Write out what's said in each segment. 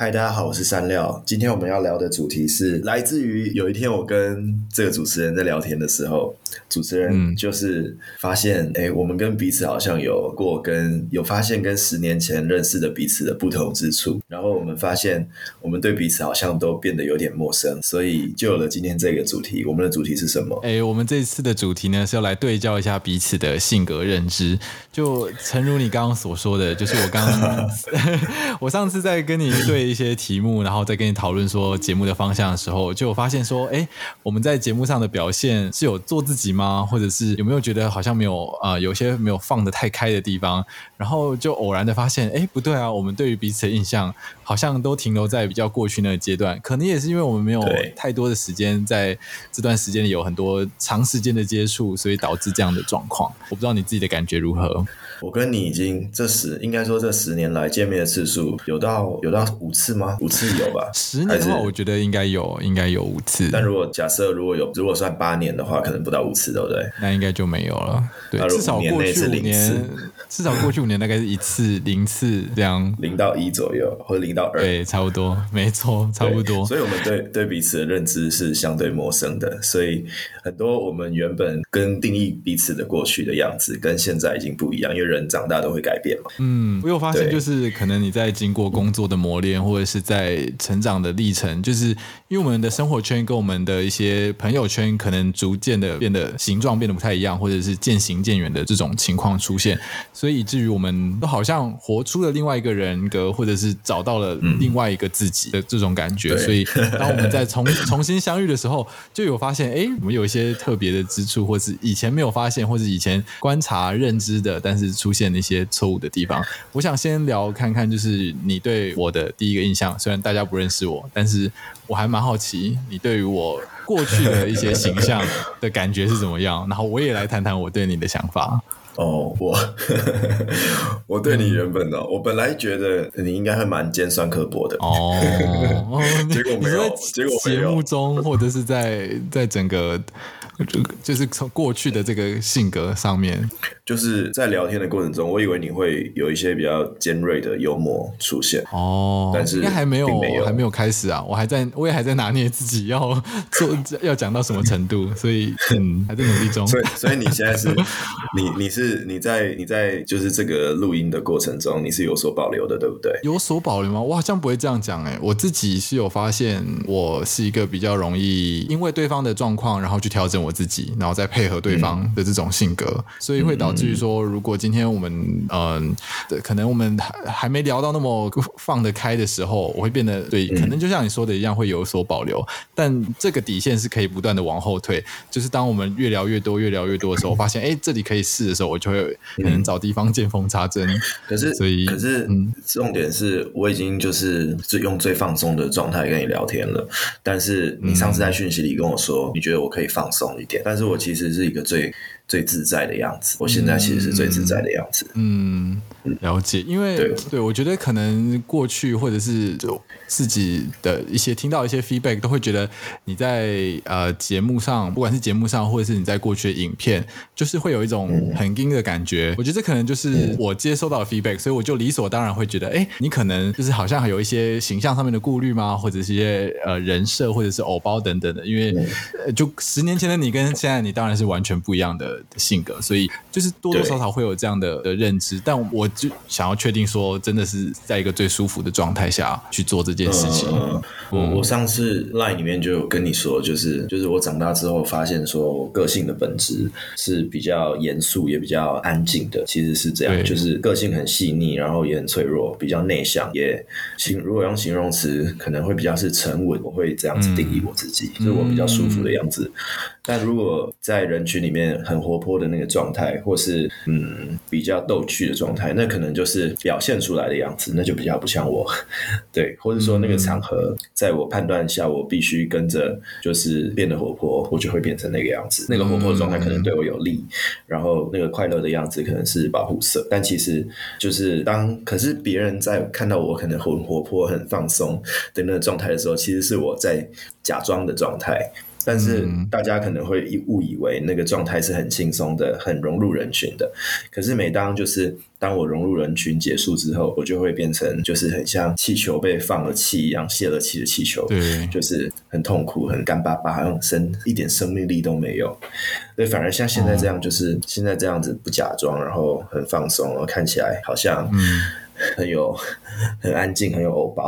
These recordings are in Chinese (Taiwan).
嗨，Hi, 大家好，我是山料。今天我們要聊的主題是來自於有一天我跟這個主持人在聊天的時候，主持人就是發現，哎、嗯欸，我們跟彼此好像有過跟有發現跟十年前認識的彼此的不同之處，然後我們發現我們對彼此好像都變得有點陌生，所以就有了今天這個主題。我們的主題是什麼？哎、欸，我們這次的主題呢是要來對照一下彼此的性格認知。就誠如你剛剛所說的，就是我剛 我上次在跟你對。 一些題目，然後再跟你討論說節目的方向的時候，就發現說，哎、欸，我們在節目上的表現是有做自己嗎？或者是有沒有覺得好像沒有啊、呃？有些沒有放得太開的地方。然後就偶然的發現，哎、欸，不對啊，我們對於彼此的印象好像都停留在比較過去那個階段。可能也是因為我們沒有太多的時間在這段時間裡有很多長時間的接觸，所以導致這樣的狀況。我不知道你自己的感覺如何。我跟你已經這十，應該說這十年來見面的次數有到有到五次嗎？五次有吧？十年我覺得應該有，應該有五次。但如果假設如果有，如果算八年的話，可能不到五次，對不對？那應該就沒有了。對，那如果五年至少過去五年 至少過去五年大概是一次零次，這樣。零到一左右，或者零到二，對，差不多。沒錯，差不多。所以我們對對彼此的認知是相對陌生的， 所以很多我們原本，跟定義彼此的過去的樣子，跟現在已經不一樣，因為。人長大都會改變嘛？嗯，我有發現，就是可能你在經過工作的磨練，對或者是在成長的歷程，就是因為我們的生活圈跟我們的一些朋友圈，可能逐漸的變得形狀變得不太一樣，或者是漸行漸遠的這種情況出現，所以以至於我們都好像活出了另外一個人格，或者是找到了另外一個自己的這種感覺。嗯、所以當我們在重 重新相遇的時候，就有發現，哎、欸，我們有一些特別的之處，或是以前沒有發現，或是以前觀察認知的，但是出現一些錯誤的地方，我想先聊看看，就是你對我的第一個印象。雖然大家不認識我，但是我還蠻好奇你對於我過去的一些形象的感覺是怎麼樣？ 然後我也來談談我對你的想法。哦，我 我對你原本的，嗯、我本來覺得你應該會蠻尖酸刻薄的。哦， 結果沒有，結果沒有。節目中或者是在在整個。就就是從過去的這個性格上面，就是在聊天的過程中，我以為你會有一些比較尖銳的幽默出現哦，但是應該還沒有，沒有還沒有開始啊，我還在我也還在拿捏自己要做要講到什麼程度， 所以很、嗯、還在努力中。所以所以你現在是 你你是你在你在就是這個錄音的過程中，你是有所保留的，對不對？有所保留嗎？我好像不會這樣講哎、欸，我自己是有發現我是一個比較容易因為對方的狀況，然後去調整我。我自己，然後再配合對方的這種性格，嗯、所以會導致於說，如果今天我們嗯、呃，可能我們還還沒聊到那麼放得開的時候，我會變得對，可能就像你說的一樣，會有所保留。嗯、但這個底線是可以不斷的往後退，就是當我們越聊越多，越聊越多的時候，我、嗯、發現哎、欸，這裡可以試的時候，我就會可能找地方見縫插針。嗯、以可是，所以可是，重點是我已經就是用最放鬆的狀態跟你聊天了，但是你上次在訊息裡跟我說，你覺得我可以放鬆。但是，我其實是一個最。最自在的樣子，我現在其實是最自在的樣子。嗯，嗯嗯，了解，因為對對，我覺得可能過去或者是就自己的一些聽到一些 feedback，都會覺得你在呃節目上，不管是節目上或者是你在過去的影片，嗯、就是會有一種很硬的感覺。嗯、我覺得這可能就是我接收到的 feedback，所以我就理所當然會覺得，哎、欸，你可能就是好像有一些形象上面的顧慮嗎？或者是一些呃人設或者是偶包等等的。因為、嗯呃、就十年前的你跟現在你當然是完全不一樣的。的性格，所以就是多多少少會有這樣的的認知，對但我就想要確定說，真的是在一個最舒服的狀態下去做這件事情。我、呃嗯、我上次 line 裡面就有跟你說，就是就是我長大之後發現，說我個性的本質是比較嚴肅，也比較安靜的，其實是這樣，對就是個性很細膩，然後也很脆弱，比較內向，也形如果用形容詞，可能會比較是沉穩，我會這樣子定義我自己，嗯、就是我比較舒服的樣子。嗯、但如果在人群裡面很活潑的那個狀態，或是嗯，比較逗趣的狀態，那可能就是表現出來的樣子，那就比較不像我。對，或者說那個場合，嗯嗯，在我判斷下，我必須跟着就是變得活潑，我就會變成那個樣子。那個活潑的狀態可能對我有利，嗯嗯嗯，然後那個快樂的樣子可能是保護色。但其實就是當，可是別人在看到我可能很活潑、很放鬆的那個狀態的時候，其實是我在假裝的狀態。但是大家可能會誤以為那個狀態是很輕鬆的、很融入人群的。可是每當就是當我融入人群結束之後，我就會變成就是很像氣球被放了氣一樣泄了氣的氣球，對就是很痛苦、很乾巴巴，好像很深，一點生命力都沒有。對，反而像現在這樣，就是、嗯、現在這樣子不假裝，然後很放鬆，然後看起來好像。嗯很有很安靜，很有歐包，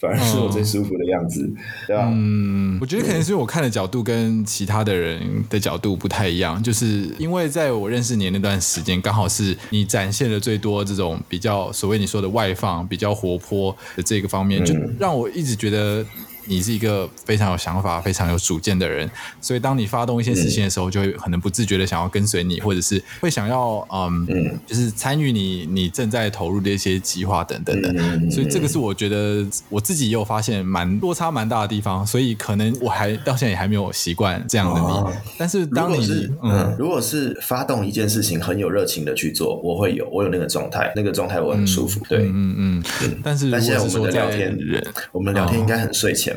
反而是我最舒服的樣子，嗯、對吧？嗯，我覺得可能是我看的角度跟其他的人的角度不太一樣，就是因為在我認識你那段時間，剛好是你展現的最多這種比較所謂你說的外放、比較活潑的這個方面，就讓我一直覺得。你是一個非常有想法、非常有主見的人，所以當你發動一些事情的時候，就會可能不自覺的想要跟隨你，或者是會想要嗯，就是參與你你正在投入的一些計劃等等的。所以這個是我覺得我自己也有發現，蠻落差蠻大的地方。所以可能我還到現在也還沒有習慣這樣的你。但是當你，嗯，如果是發動一件事情，很有熱情的去做，我會有我有那個狀態，那個狀態我很舒服。對，嗯嗯，但是如果是說我們的聊天人，我們聊天應該很睡前。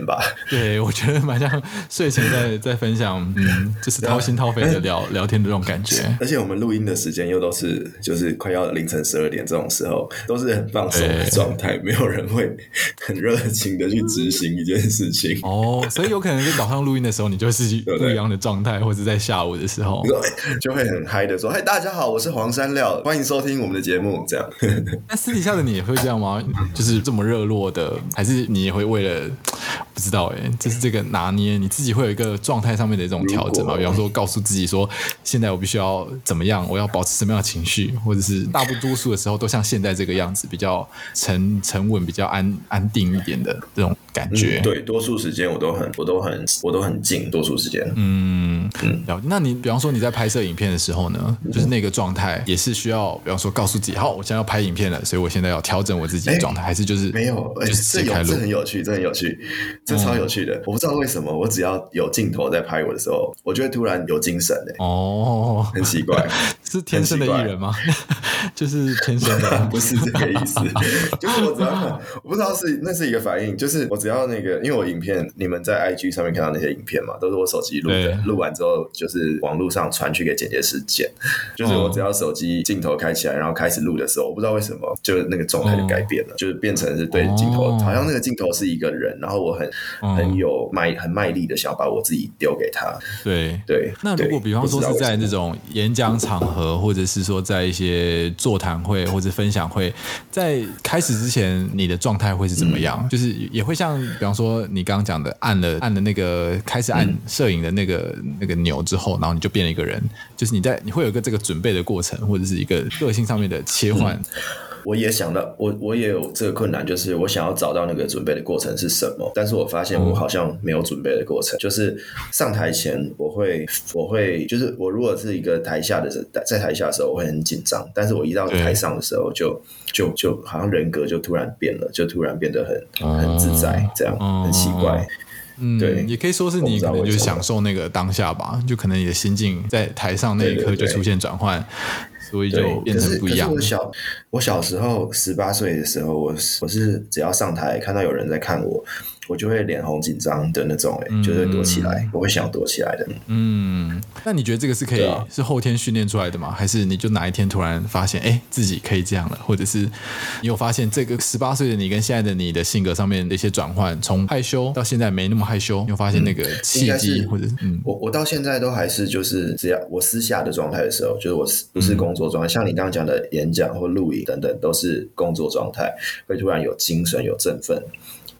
對，我覺得蠻像睡前在在分享，嗯，就是掏心掏肺的聊、啊、聊天的這種感覺。而且我們錄音的時間又都是就是快要凌晨十二點這種時候，都是很放鬆的狀態，對沒有人會很熱情的去執行一件事情哦。所以有可能是早上錄音的時候你就是不一樣的狀態，對或者在下午的時候就會很嗨的說：“嗨，大家好，我是黃山料，歡迎收聽我們的節目。”這樣。那、 啊、私底下的你也會這樣嗎？就是這麼熱絡的，還是你也會為了？不知道哎、欸，就是這個拿捏，你自己會有一個狀態上面的一種調整嘛？如果，比方說，告訴自己說，現在我必須要怎麼樣，我要保持什麼樣的情緒，或者是大部多數的時候都像現在這個樣子，比較沉沉穩，比較安安定一點的這種感覺。嗯、對，多數時間我都很我都很我都很靜，多數時間。嗯，嗯，那你比方說你在拍攝影片的時候呢，就是那個狀態也是需要，比方說告訴自己，好，我現在要拍影片了，所以我現在要調整我自己的狀態，欸、還是就是、欸、沒有，欸、就是直接開錄？這很有、有趣，這很有趣。嗯、這超有趣的，我不知道為什麼，我只要有鏡頭在拍我的時候，我就會突然有精神呢、欸。哦，很奇怪。 是天生的藝人嗎？就是天生的，不是這個意思。就是我只要……我不知道是那是一個反應。就是我只要那個，因為我影片，你們在 IG 上面看到那些影片嘛，都是我手機錄的。錄完之後，就是網絡上傳去給剪輯師剪。就是我只要手機鏡頭開起來，然後開始錄的時候，我不知道為什麼，就那個狀態就改變了，就是變成是對鏡頭，好像那個鏡頭是一個人，然後我很很有賣很賣力的想把我自己丟給他。對對。那如果比方說是在這種演講場合，或者是說在一些座談會或者分享會，在開始之前，你的狀態會是怎麼樣？嗯、就是也會像，比方說你剛剛講的，按了按了那個開始按攝影的那個那個鈕之後，然後你就變了一個人，就是你在你會有個這個準備的過程，或者是一個個性上面的切換。我也想到，我我也有這個困難，就是我想要找到那個準備的過程是什麼。但是我發現我好像沒有準備的過程。嗯、就是上台前我會，我會我會就是我如果是一個台下的，在台下的時候，我會很緊張。但是我一到台上的時候就對就，就就就好像人格就突然變了，就突然變得很、嗯、很自在，這樣、嗯、很奇怪。嗯，對，也可以說是你可能就享受那個當下吧，就可能你的心境在台上那一刻就出現轉換。對對對對。所以就變成不一樣，對，可是可是我小，我小時候十八歲的時候，我我是只要上台，看到有人在看我。我就會臉紅緊張的那種、欸，哎，就會躲起來，嗯、我會想躲起來的。嗯，那你覺得這個是可以、哦、是後天訓練出來的嗎？還是你就哪一天突然發現，哎，自己可以這樣了？或者是你有發現這個十八歲的你跟現在的你的性格上面的一些轉換，從害羞到現在沒那麼害羞，你有發現那個契機？嗯、或者，嗯、我我到現在都還是就是這樣，只要我私下的狀態的時候，就是我不是工作狀態，嗯、像你剛剛講的演講或錄影等等，都是工作狀態，會突然有精神有振奮。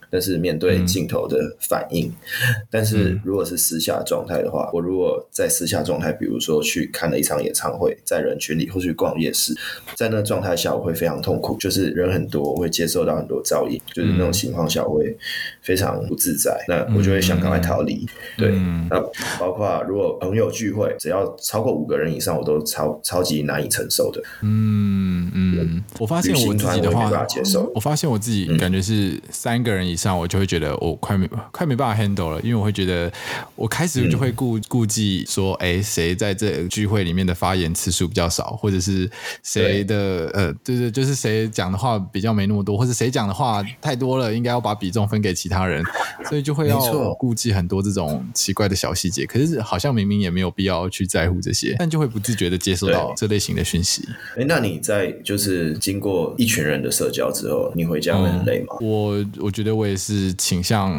但是面對鏡頭的反應，嗯、但是如果是私下狀態的話，嗯、我如果在私下狀態，比如說去看了一場演唱會，在人群裡，或去逛夜市，在那狀態下我會非常痛苦，就是人很多，我會接受到很多噪音，嗯、就是那種情況下我會非常不自在，那我就會想趕快逃離。嗯、對，嗯嗯、那包括如果朋友聚會，只要超過五個人以上，我都超超級難以承受的。嗯嗯，嗯我發現我自己的話，無法接受。我發現我自己感覺是三個人以上我就會覺得我快沒快沒辦法 handle 了，因為我會覺得我開始就會顧顧忌、嗯、說，哎，誰在這聚會裡面的發言次數比較少，或者是誰的對呃，就是就是誰講的話比較沒那麼多，或者誰講的話太多了，應該要把比重分給其他人，所以就會要顧忌很多這種奇怪的小細節。錯可是好像明明也沒有必要去在乎這些，但就會不自覺的接受到這類型的訊息。哎，那你在就是經過一群人的社交之後，你回家會很累嗎？嗯、我我覺得我。也是傾向，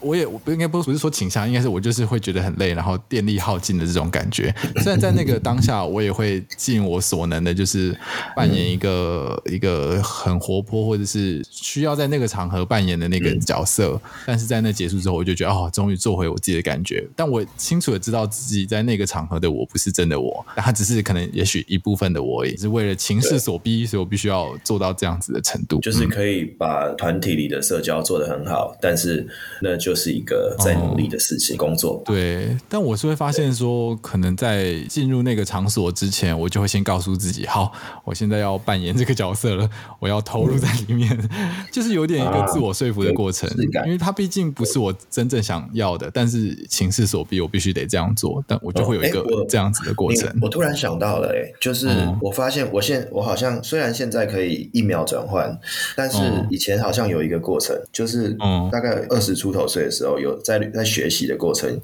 我也我不應該不是不是說傾向，應該是我就是會覺得很累，然後電力耗盡的這種感覺。雖然在那個當下，我也會盡我所能的，就是扮演一個、嗯、一個很活潑，或者是需要在那個場合扮演的那個角色。嗯、但是在那結束之後，我就覺得哦，終於做回我自己的感覺。但我清楚的知道自己在那個場合的我不是真的我，但他只是可能也許一部分的我，也是為了情勢所逼，對所以我必須要做到這樣子的程度，就是可以把團體裡的社交做得很。很好，但是那就是一個在努力的事情，哦、工作對。但我是會發現說，對可能在進入那個場所之前，我就會先告訴自己：好，我現在要扮演這個角色了，我要投入在裡面， 就是有點一個自我說服的過程。啊、因為他畢竟不是我真正想要的，對但是情勢所逼，我必須得這樣做。但我就會有一個這樣子的過程。哦、我，我突然想到了、欸，哎，就是我發現，我現我好像雖然現在可以一秒轉換，但是以前好像有一個過程，就是。嗯，大概二十出頭歲的時候，有在在學習的過程，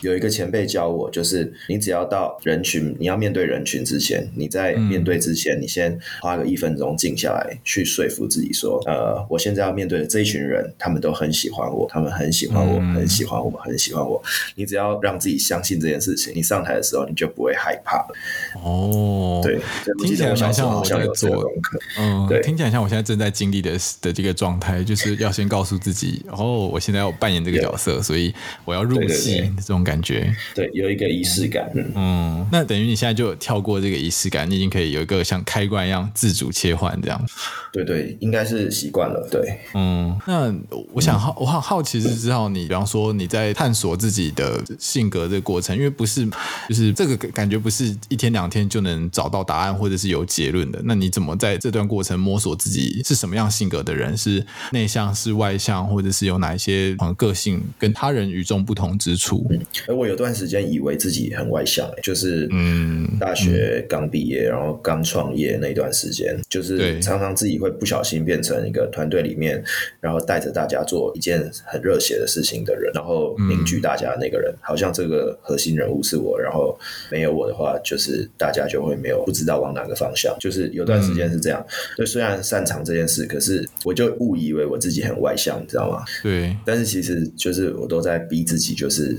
有一個前輩教我，就是你只要到人群，你要面對人群之前，你在面對之前，嗯、你先花個一分鐘靜下來，去說服自己說，呃，我現在要面對的這一群人，嗯、他們都很喜歡我，他們很喜歡我，嗯、很喜歡我，很喜歡我。你只要讓自己相信這件事情，你上台的時候你就不會害怕了。哦，對，聽起來蠻像我在做，功課，嗯，對聽起來像我現在正在經歷的的這個狀態，就是要先告訴自己。 自己，然後、哦、我現在要扮演這個角色，對所以我要入戲，對對對，這種感覺，對，有一個儀式感。嗯，嗯，嗯，那等於你現在就有跳過這個儀式感，你已經可以有一個像開關一樣自主切換這樣。對，對對，應該是習慣了。對，嗯，那我想，嗯、我好好奇是知道你，對比方說你在探索自己的性格的過程，因為不是，就是這個感覺不是一天兩天就能找到答案或者是有結論的。那你怎麼在這段過程摸索自己是什麼樣性格的人，是內向是外向？或者是有哪一些個性跟他人與眾不同之處、嗯？而我有段時間以為自己很外向、欸，就是嗯，大學剛畢業，然後剛創業那段時間，就是常常自己會不小心變成一個團隊裡面，然後帶着大家做一件很熱血的事情的人，然後凝聚大家的那個人，嗯、好像這個核心人物是我。然後沒有我的話，就是大家就會沒有不知道往哪個方向。就是有段時間是這樣，就、嗯、雖然擅長這件事，可是我就誤以為我自己很外向。你知道嗎？對，但是其實就是我都在逼自己，就是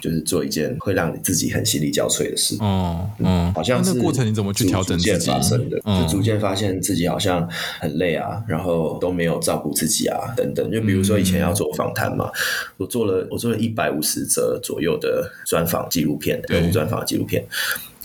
就是做一件會讓你自己很心力交瘁的事。哦，嗯，嗯好像是逐，但那個過程，你怎麼去調整自己？漸發生的，嗯、就逐漸發現自己好像很累啊，然後都沒有照顧自己啊，等等。就比如說以前要做訪談嘛，嗯、我做了，我做了一百五十則左右的專訪紀錄片、專訪紀錄片。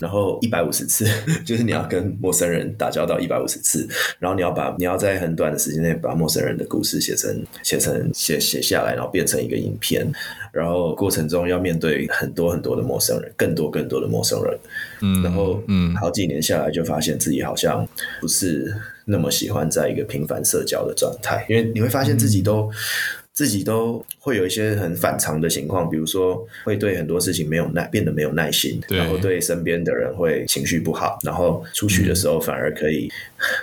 然後一百五十次，就是你要跟陌生人打交道一百五十次，然後你要把你要在很短的時間內把陌生人的故事寫成寫成寫寫下來，然後變成一個影片，然後過程中要面對很多很多的陌生人，更多更多的陌生人，嗯，然後嗯，好幾年下來就發現自己好像不是那麼喜歡在一個頻繁社交的狀態，因為你會發現自己都自己都會有一些很反常的情況，比如說會對很多事情沒有耐，變得沒有耐心，對然後對身邊的人會情緒不好，然後出去的時候反而可以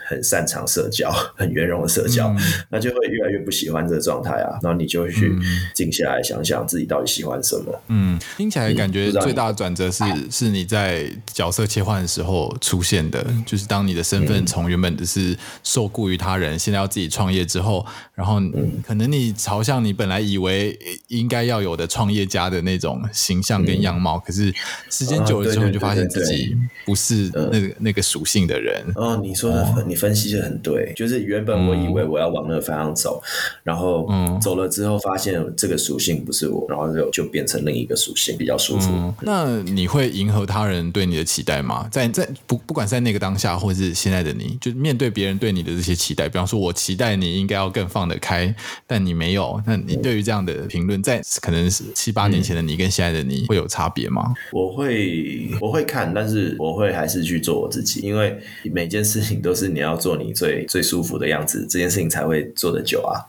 很擅長社交，嗯、很圓融的社交，嗯、那就會越來越不喜歡這個狀態啊。然後你就會去靜下來想想自己到底喜歡什麼。嗯，聽起來感覺最大的轉折是，嗯、你是你在角色切換的時候出現的，嗯、就是當你的身份從原本的是受僱於他人，嗯、現在要自己創業之後，然後可能你朝。好像你本來以為應該要有的創業家的那種形象跟樣貌，嗯、可是時間久了之後，你就發現自己不是那那個屬性的人。哦、嗯，你說的你分析的很對，就是原本我以為我要往那個方向走，然後嗯走了之後發現這個屬性不是我，然後就就變成另一個屬性比較舒服。那你會迎合他人對你的期待嗎？在在不不管在那個當下，或是現在的你，就是面對別人對你的這些期待，比方說，我期待你應該要更放得開，但你沒有。那你對於這樣的評論，在可能是七八年前的你跟現在的你會有差別嗎？我會我會看，但是我會還是去做我自己，因為每件事情都是你要做你最最舒服的樣子，這件事情才會做得久啊。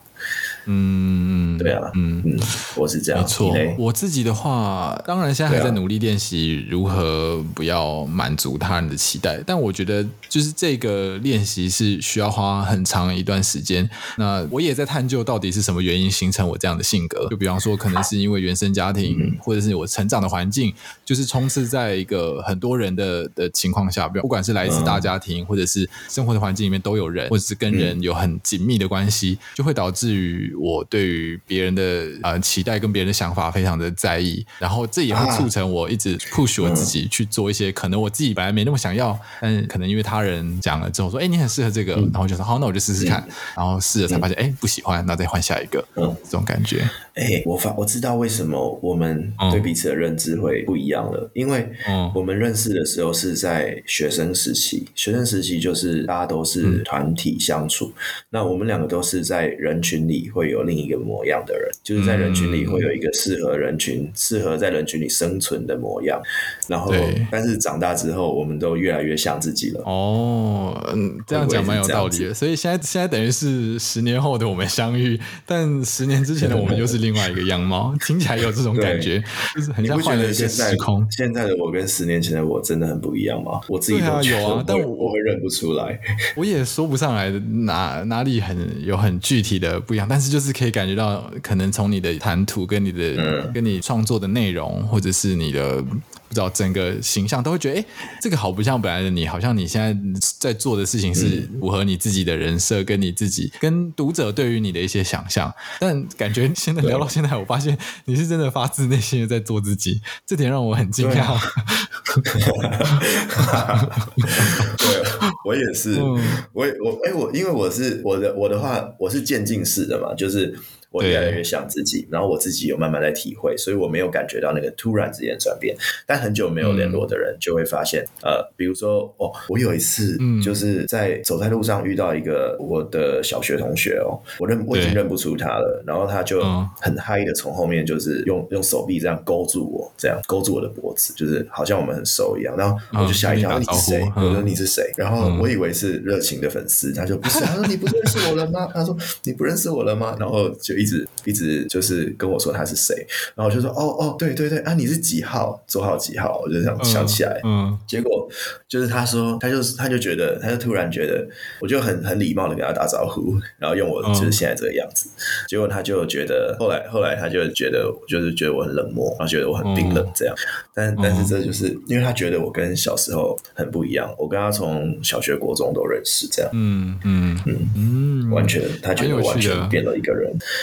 嗯，對啊，嗯嗯，嗯我是這樣，沒錯。Hey, 我自己的話，當然現在還在努力練習如何不要滿足他人的期待，啊、但我覺得就是這個練習是需要花很長一段時間。那我也在探究到底是什麼原因形成我這樣的性格，就比方說，可能是因為原生家庭，或者是我成長的環境，就是充斥在一個很多人的的情況下，不管是來自大家庭，或者是生活的環境裡面都有人，或者是跟人有很緊密的關係，就會導致於。我對於別人的呃期待跟別人的想法非常的在意，然後這也會促成我、啊、一直 push 我自己去做一些、嗯、可能我自己本來沒那麼想要，但是可能因為他人講了之後說，哎、欸，你很適合這個，嗯、然後我就說好，那我就試試看，嗯、然後試了才發現，哎、嗯欸，不喜歡，那再換下一個，嗯，這種感覺。哎、欸，我發我知道為什麼我們對彼此的認知會不一樣了，因為我們認識的時候是在學生時期，學生時期就是大家都是團體相處，嗯、那我們兩個都是在人群裡。會有另一個模樣的人，就是在人群裡會有一個適合人群、嗯、適合在人群裡生存的模樣。然後，對但是長大之後，我們都越來越像自己了。哦，嗯，這樣講蠻有道理的。所以現在，現在等於是十年後的我們相遇，但十年之前的我們又是另外一個樣貌。對聽起來有這種感覺，對就是你在換了一個時空。現在的我跟十年前的我真的很不一樣嗎？我自己很、啊、有啊，但我我會認不出來，我也說不上來哪哪裡很有很具體的不一樣，但是。就是可以感覺到，可能從你的談吐跟你的跟你創作的內容，或者是你的。不知道整個形象都會覺得，哎，這個好不像本來的你，好像你現在在做的事情，是符合你自己的人設，跟你自己跟讀者對於你的一些想象。但感覺現在聊到現在，我發現你是真的發自內心的在做自己，對，這點讓我很驚訝。我也是，我我哎，我，欸，我因為我是我的我的話，我是漸進式的嘛，就是。我越來越像自己，對然後我自己有慢慢在體會，所以我沒有感覺到那個突然之間的轉變。但很久沒有聯絡的人就會發現，嗯、呃，比如說哦，我有一次就是在走在路上遇到一個我的小學同學哦，我認我已經認不出他了，對然後他就很嗨的從後面就是用用手臂這樣勾住我，這樣勾住我的脖子，就是好像我們很熟一樣。然後我就嚇一跳，嗯、你是誰？嗯、我說你是誰？嗯、然後我以為是熱情的粉絲，他就不是，他說你不認識我了嗎？ 他說你不認識我了嗎？然後就。一直一直就是跟我說他是誰，然後我就說，哦哦對對對啊，你是幾號，座號幾號，我就想想起來，嗯，嗯，結果就是他說，他就他就覺得，他就突然覺得，我就很很禮貌的跟他打招呼，然後用我就是現在這個樣子，嗯、結果他就覺得，後來後來他就覺得，就是覺得我很冷漠，然後覺得我很冰冷這樣，嗯、但但是這就是因為他覺得我跟小時候很不一樣，我跟他從小學、國中都認識，這樣，嗯嗯嗯，嗯完全他覺得我完全變了一個人。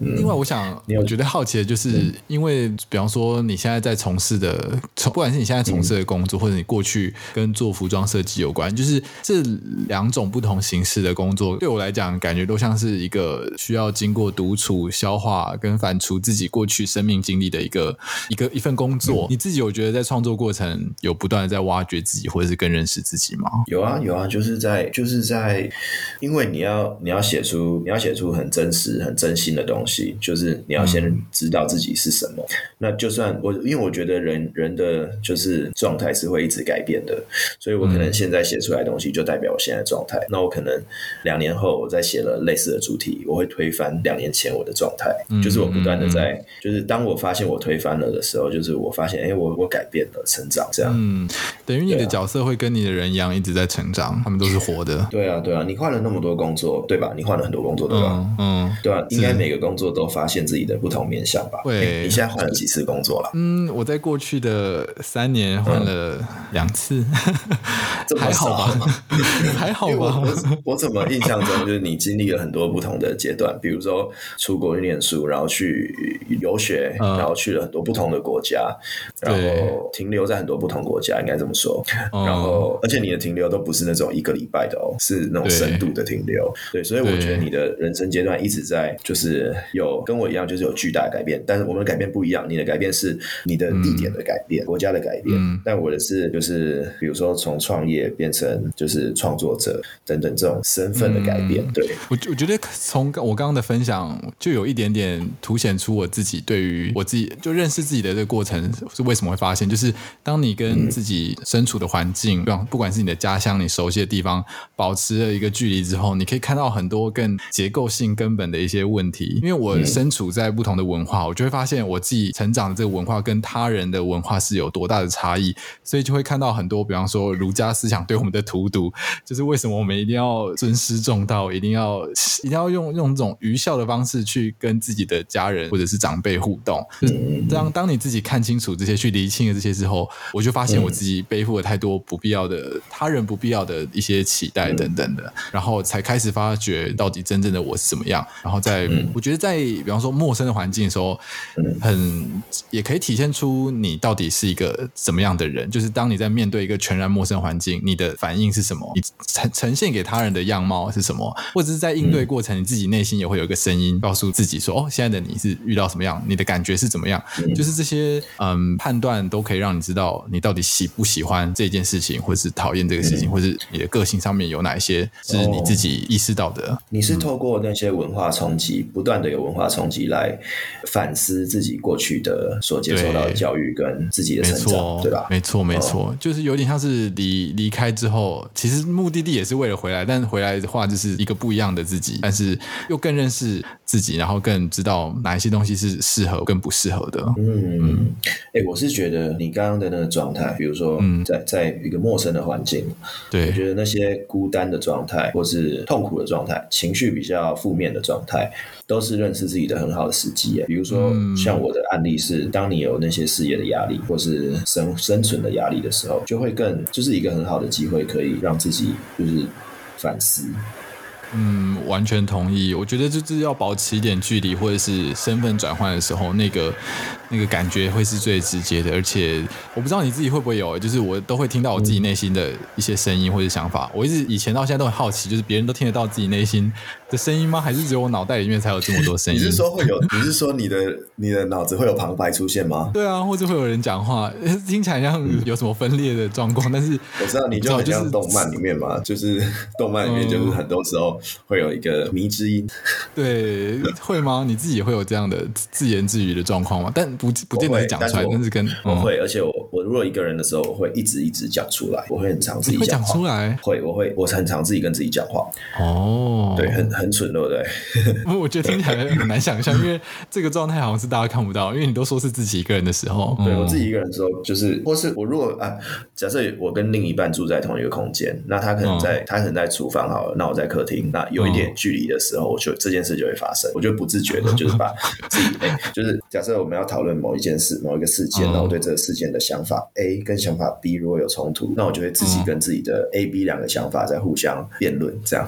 另外，我想、嗯、你有我覺得好奇的就是，嗯、因為比方說你現在在從事的，從不管是你現在從事的工作，嗯、或者你過去跟做服裝設計有關，就是這兩種不同形式的工作，對我來講，感覺都像是一個需要經過獨處、消化跟反芻自己過去生命經歷的一個一個一份工作。嗯、你自己，有覺得在創作過程有不斷的在挖掘自己，或者是更認識自己嗎？有啊，有啊，就是在就是在，因為你要你要寫出你要寫出很真實、很真心的東西。東西就是你要先知道自己是什麼，嗯、那就算我，因為我覺得人人的就是狀態是會一直改變的，所以我可能現在寫出來的東西就代表我現在的狀態。嗯、那我可能兩年後我再寫了類似的主題，我會推翻兩年前我的狀態，嗯、就是我不斷的在，嗯嗯，就是當我發現我推翻了的時候，就是我發現哎、欸，我我改變了，成長這樣，嗯，等於你的角色會跟你的人一樣一直在成長，他們都是活的，對啊，對啊，對啊，你換了那麼多工作，對吧？你換了很多工作，對吧？嗯，對啊，應該每個工作。工作都發現自己的不同面向吧。對。你現在換了幾次工作了？嗯，我在過去的三年換了兩次，還好吧。還好吧。我怎麼印象中就是你經歷了很多不同的階段，比如說出國去念書，然後去留學，然後去了很多不同的國家，然後停留在很多不同國家，應該這麼說。然後，而且你的停留都不是那種一個禮拜的哦，是那種深度的停留。對，所以我覺得你的人生階段一直在就是。有跟我一樣，就是有巨大的改變，但是我們的改變不一樣。你的改變是你的地點的改變、嗯、國家的改變，嗯、但我的是就是，比如說從創業變成就是創作者等等這種身份的改變。嗯、對我，我覺得從剛我剛剛的分享就有一點點凸顯出我自己對於我自己就認識自己的這個過程是為什麼會發現，就是當你跟自己身處的環境，嗯、不管是你的家鄉、你熟悉的地方，保持了一個距離之後，你可以看到很多更結構性、根本的一些問題。因為我身處在不同的文化，我就會發現我自己成長的這個文化跟他人的文化是有多大的差異，所以就會看到很多，比方說儒家思想對我們的荼毒，就是為什麼我們一定要尊師重道，一定要一定要用用這種愚孝的方式去跟自己的家人或者是長輩互動。嗯嗯、當當你自己看清楚這些，去釐清了這些之後，我就發現我自己背負了太多不必要的他人不必要的一些期待等等的，嗯、然後才開始發覺到底真正的我是怎麼樣，然後在、嗯、我覺得。在比方說陌生的環境的時候，很也可以體現出你到底是一個什麼樣的人。就是當你在面對一個全然陌生環境，你的反應是什麼？你呈呈現給他人的樣貌是什麼？或者是在應對過程，你自己內心也會有一個聲音告訴自己說：“哦，現在的你是遇到什麼樣？你的感覺是怎麼樣？”就是這些嗯判斷都可以讓你知道你到底喜不喜歡這件事情，或是討厭這個事情，或是你的個性上面有哪一些是你自己意識到的，哦。你是透過那些文化衝擊不斷。個文化衝擊來反思自己過去的所接受到的教育跟自己的成長，對，沒錯，對吧？沒錯，沒錯，哦、就是有點像是離離開之後，其實目的地也是為了回來，但回來的話就是一個不一樣的自己，但是又更認識自己，然後更知道哪一些東西是適合跟不適合的。嗯，哎、嗯欸，我是覺得你剛剛的那個狀態，比如說在、嗯、在一個陌生的環境，對，我覺得那些孤單的狀態，或是痛苦的狀態，情緒比較負面的狀態，都是。認識自己的很好的時機耶，比如說像我的案例是，嗯、當你有那些事業的壓力，或是生生存的壓力的時候，就會更就是一個很好的機會，可以讓自己就是反思。嗯，完全同意。我覺得就是要保持一點距離，或者是身份轉換的時候，那個那個感覺會是最直接的。而且我不知道你自己會不會有，就是我都會聽到我自己內心的一些聲音或者想法。我一直以前到現在都很好奇，就是別人都聽得到自己內心的聲音嗎？還是只有我腦袋裡面才有這麼多聲音？你是說會有？你是說你的 你的腦子會有旁白出現嗎？對啊，或者會有人講話，聽起來像有什麼分裂的狀況，嗯、但是我知道你就好像動漫裡面嘛，就是動漫裡面就是很多時候會有一個謎之音，對，會嗎？你自己會有這樣的自言自語的狀況嗎？但不不見得是講出來，我但是，我是跟、嗯、我會，而且我我。如果一個人的時候，我會一直一直講出來，我會很常自己講出來，會，我會，我很常自己跟自己講話。哦，oh. 對，很很蠢，對不對？我我覺得聽起來很難想象， 對 因為這個狀態好像是大家看不到，因為你都說是自己一個人的時候。對、嗯、我自己一個人的時候，就是，或是我如果啊，假設我跟另一半住在同一個空間，那他可能在，嗯、他可能在廚房，好了，那我在客廳，那有一點距離的時候，嗯、我就這件事就會發生，我就不自覺的，就是把自己， 欸、就是假設我們要討論某一件事，某一個事件，嗯、然後對這個事件的想法。A 跟想法 B 如果有衝突，嗯、那我就會自己跟自己的 A、B 兩個想法在互相辯論，這樣。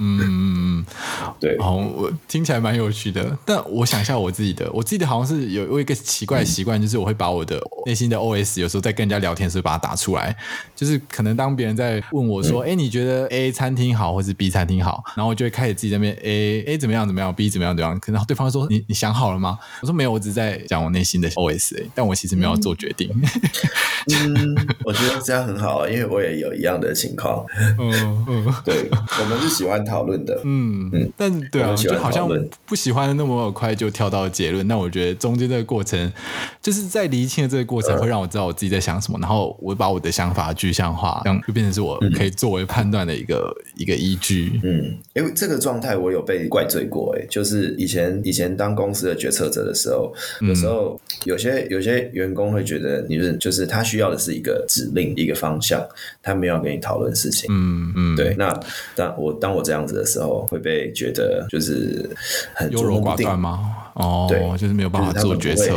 嗯 對，然後我聽起來蠻有趣的。但我想一下我自己的，我記得好像是有有一個奇怪的習慣，嗯、就是我會把我的內心的 OS 有時候在跟人家聊天的時候把它打出來。就是可能當別人在問我說：“哎、嗯欸，你覺得 A 餐廳好，或是 B 餐廳好？”然後我就會開始自己在那邊 A、欸、A 怎麼樣怎麼樣，B 怎麼樣怎麼樣。可能對方說：“你你想好了嗎？”我說：“沒有，我只是在講我內心的 OS、欸。”但我其實沒有做決定。嗯 嗯，我覺得這樣很好，因為我也有一樣的情況。嗯 對，我們是喜歡討論的。嗯，嗯，但對啊，我們就好像不喜歡那麼快就跳到結論。那、嗯、我覺得中間這個過程，就是在釐清的這個過程，會讓我知道我自己在想什麼，然後我把我的想法具象化，這就變成是我可以作為判斷的一個、嗯、一個依據。嗯，因、欸、為這個狀態我有被怪罪過、欸。哎，就是以前以前當公司的決策者的時候，嗯、有時候有些有些員工會覺得你、就是。就是他需要的是一個指令，一個方向，他沒有跟你討論事情。嗯嗯，嗯對。那當我當我這樣子的時候，會被覺得就是很優柔寡斷嗎？哦，對就是沒有辦法做決策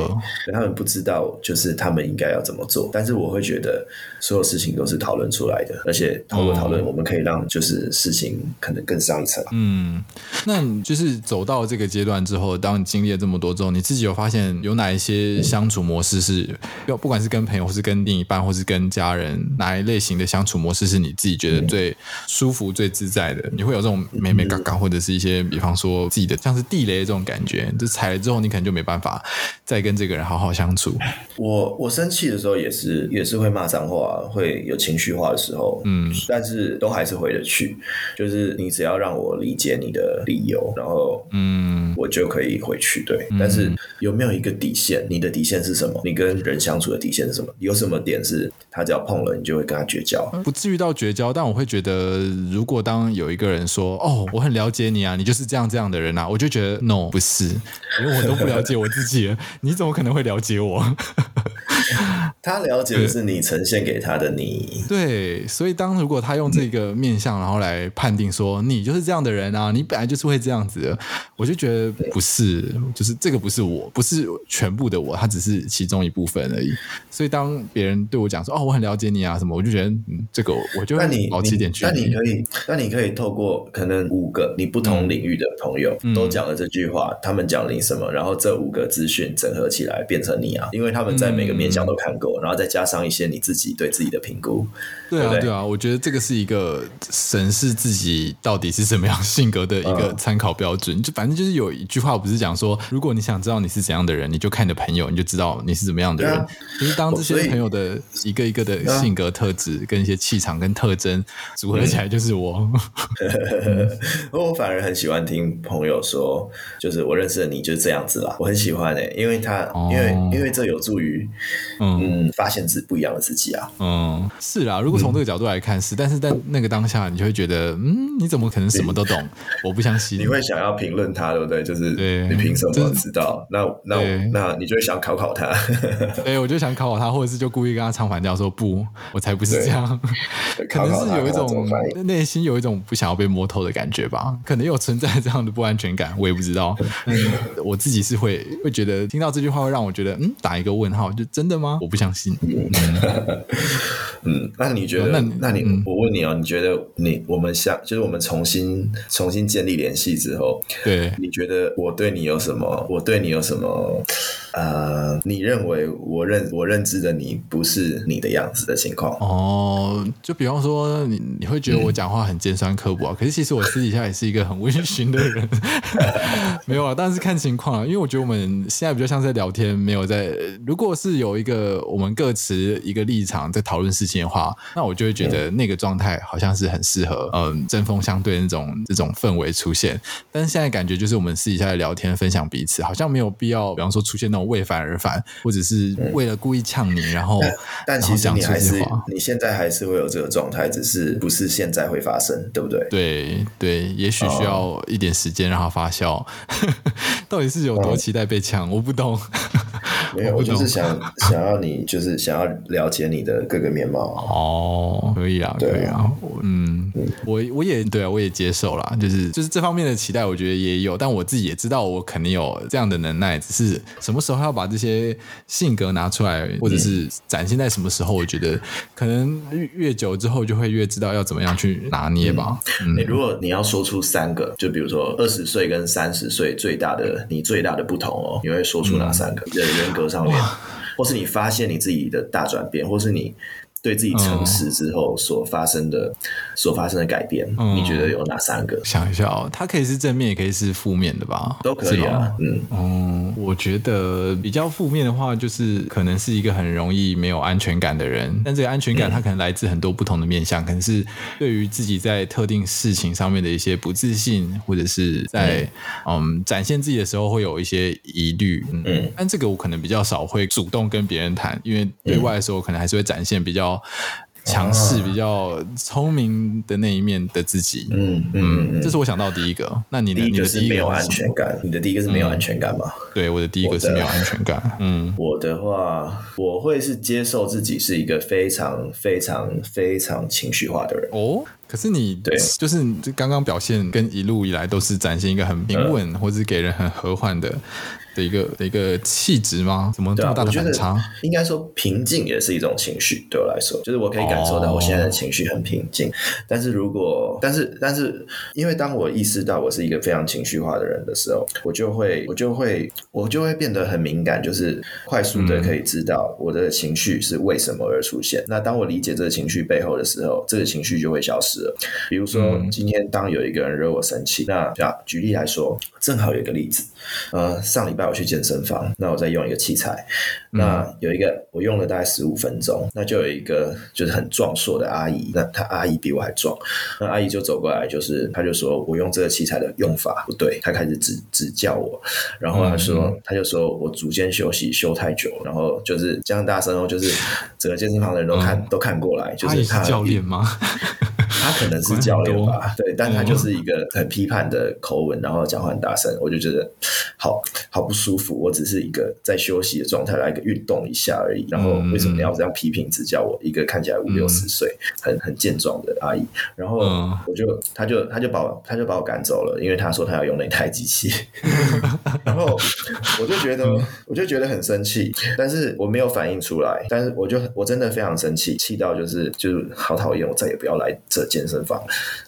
他，他們不知道就是他們應該要怎麼做。但是我會覺得所有事情都是討論出來的，而且通過討論，我們可以讓就是事情可能更上一層。嗯，那你就是走到這個階段之後，當你經歷了這麼多之後，你自己有發現有哪一些相處模式是、嗯、不管是跟朋友，或是跟另一半，或是跟家人，哪一類型的相處模式是你自己覺得最舒服、嗯、最自在的？你會有這種美美嘎嘎，嗯、或者是一些比方說自己的像是地雷的這種感覺，這才。改了之後，你可能就沒辦法再跟這個人好好相處。我我生氣的時候也是也是會罵髒話，會有情緒化的時候，嗯，但是都還是回得去。就是你只要讓我理解你的理由，然後嗯，我就可以回去。對，嗯，但是有沒有一個底線？你的底線是什麼？你跟人相處的底線是什麼？有什麼點是他只要碰了，你就會跟他絕交？不至於到絕交，但我會覺得，如果當有一個人說：“哦，我很了解你啊，你就是這樣這樣的人啊”，我就覺得 no，不是。因為、欸、我都不了解我自己了， 你怎麼可能會了解我？ 他了解的是你呈現給他的你。對，所以當如果他用這個面向，然後來判定說、嗯、你就是這樣的人啊，你本來就是會這樣子的，我就覺得對不是，就是這個不是我，不是全部的我，他只是其中一部分而已。所以當別人對我講說哦，我很了解你啊什麼，我就覺得、嗯、這個我就會保持點距離。那你，你，你可以，那你可以透過可能五個你不同領域的朋友、嗯、都講了這句話，嗯、他們講了。什麼？然後這五個資訊整合起來變成你啊，因為他們在每個面向都看過，嗯、然後再加上一些你自己對自己的評估，對啊，對,對,對啊，我覺得這個是一個審視自己到底是什麼樣性格的一個參考標準。哦、就反正就是有一句話，不是講說，如果你想知道你是怎樣的人，你就看你的朋友，你就知道你是怎麼樣的人。就是、啊、當這些朋友的一個一個的性格特質跟一些氣場跟特徵、啊、組合起來，就是我。嗯、 我反而很喜歡聽朋友說，就是我認識的你就是。這樣子啦，我很喜歡誒，因為他，因為因為這有助於，嗯，發現自己不一樣的自己啊。嗯，是啦。如果從這個角度來看是，但是在那個當下，你就會覺得，嗯，你怎麼可能什麼都懂？我不相信你。你會想要評論他，對不對？就是，對，你憑什麼知道？那那那，你就會想考考他。對，我就想考考他，或者是就故意跟他唱反調，說不，我才不是這樣。可能是有一種內心有一種不想要被摸透的感覺吧，可能有存在這樣的不安全感，我也不知道。我自己是會會覺得聽到這句話會讓我覺得，嗯，打一個問號，就真的嗎？我不相信。嗯， 嗯，那你覺得？那、哦、那你、那你、嗯、我問你哦，你覺得你我們相就是我們重新重新建立聯繫之後，對，你覺得我對你有什麼？我對你有什麼？呃，你認為我認我認知的你不是你的樣子的情況？哦，就比方說，你你會覺得我講話很尖酸刻薄，啊， 可是其實我私底下也是一個很溫馴的人。 沒有啊，但是看情。況，因為我覺得我們現在比較像是在聊天，沒有在。如果是有一個我們各持一個立場在討論事情的話，那我就會覺得那個狀態好像是很適合，嗯，針鋒、嗯、相對那種這種氛圍出現。但是現在感覺就是我們私底下聊天分享彼此，好像沒有必要，比方說出現那種為反而反，或者是為了故意嗆你，然後、嗯但。但其實你還是，你現在還是會有這個狀態，只是不是現在會發生，對不對？對對，也許需要一點時間讓它發酵。嗯、 到底。你是有多期待被搶？Oh. 我不懂。 沒有，我就是想不 想要你，就是想要了解你的各個面貌哦，oh, 可以啊，對可以啊，嗯，嗯我我也對啊，我也接受啦。就是就是這方面的期待，我覺得也有，但我自己也知道，我肯定有這樣的能耐，只是什麼時候要把這些性格拿出來，或者是展現在什麼時候，嗯、我覺得可能越,越久之後就會越知道要怎麼樣去拿捏吧。你、嗯嗯欸、如果你要說出三個，就比如說二十歲跟三十歲最大的你最大的不同哦，你會說出哪三個？嗯對人格上面，哇或是你發現你自己的大轉變，或是你對自己誠實之後所發生的、嗯、所發生的改變，嗯、你覺得有哪三個？想一下哦，它可以是正面，也可以是負面的吧，都可以啊。嗯，嗯我覺得比較負面的話，就是可能是一個很容易沒有安全感的人。但這個安全感，它可能來自很多不同的面向，嗯、可能是對於自己在特定事情上面的一些不自信，或者是在嗯、呃、展現自己的時候會有一些疑慮。嗯，嗯、但這個我可能比較少會主動跟別人談，因為對外的時候，我可能還是會展現比較強勢、強勢比較聰明的那一面的自己，嗯、啊、嗯，嗯嗯，這是我想到的第一個。那你呢？你的第一個是沒有安全感，你的，嗯、你的第一個是沒有安全感嗎？對，我的第一個是沒有安全感。的嗯，我的話我會是接受自己是一個非常非常非常情緒化的人哦。可是你對，就是你這剛剛表現跟一路以來都是展現一個很平穩，嗯、或是給人很和緩的。的一個的一個氣質嗎？怎麼這麼大的反差？啊、我覺得應該說平靜也是一種情緒。對我來說，就是我可以感受到我現在的情緒很平靜、哦。但是，如果但是但是，因為當我意識到我是一個非常情緒化的人的時候，我就會我就會我就會變得很敏感，就是快速的可以知道我的情緒是為什麼而出現。嗯、那當我理解這個情緒背後的時候，這個情緒就會消失了。比如說，今天當有一個人惹我生氣，嗯、那舉舉例來說，正好有一個例子。呃，上禮拜我去健身房，那我在用一個器材，那有一個我用了大概十五分鐘，嗯、那就有一個就是很壯碩的阿姨，那她阿姨比我還壯，那阿姨就走過來，就是她就說我用這個器材的用法不對，她開始指指教我，然後她說，嗯嗯她就說我中間休息休太久，然後就是這樣大聲哦，就是整個健身房的人都看、嗯、都看過來，就是她、嗯、他是教練嗎？ 他可能是教練吧，對，但他就是一個很批判的口吻，然後講話很大聲，我就覺得好好不舒服。我只是一個在休息的狀態，來個運動一下而已。然後為什麼你要這樣批評指教我？一個看起來五六十歲、很很健壯的阿姨。然後我就，他就，他就把我，他就把我趕走了，因為他說他要用那台機器。 然後我就覺得，我就覺得很生氣，但是我沒有反應出來。但是我就我真的非常生氣，氣到就是就是好討厭，我再也不要來這。健身房。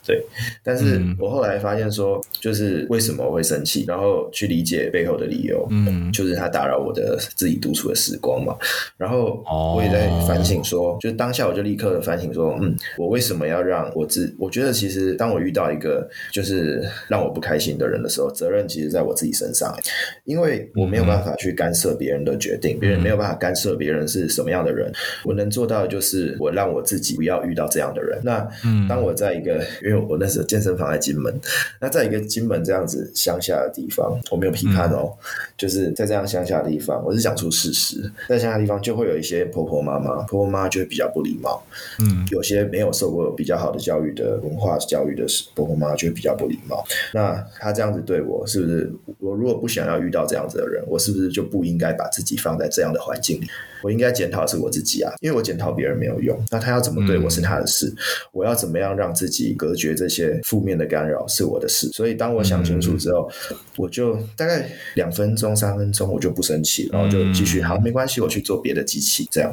對，但是我後來發現說，就是為什麼我會生氣，嗯、然後去理解背後的理由，嗯，就是他打擾我的自己獨處的時光嘛。然後我也在反省，說，哦、就當下我就立刻的反省說，嗯，我為什麼要讓我自，我覺得其實當我遇到一個就是讓我不開心的人的時候，責任其實在我自己身上，因為我沒有辦法去干涉別人的決定，嗯、別人沒有辦法干涉別人是什麼樣的人，我能做到的就是我讓我自己不要遇到這樣的人。那當我在一個因為我那時候健身房在金門，那在一個金門這樣子鄉下的地方，我沒有批判哦，嗯、就是在這樣鄉下的地方，我是講出事實。在鄉下地方就會有一些婆婆媽媽，婆婆媽媽就會比較不禮貌。嗯，有些沒有受過比較好的教育的文化教育的婆婆媽媽就會比較不禮貌。那他這樣子對我，是不是我如果不想要遇到這樣子的人，我是不是就不應該把自己放在這樣的環境裡？我應該檢討的是我自己啊，因為我檢討別人沒有用。那他要怎麼對我是他的事，嗯、我要怎麼樣讓自己隔絕。覺這些負面的干擾是我的事，所以當我想清楚之後，嗯、我就大概兩分鐘、三分鐘，我就不生氣，然後就繼續，好，沒關係，我去做別的機器，這樣，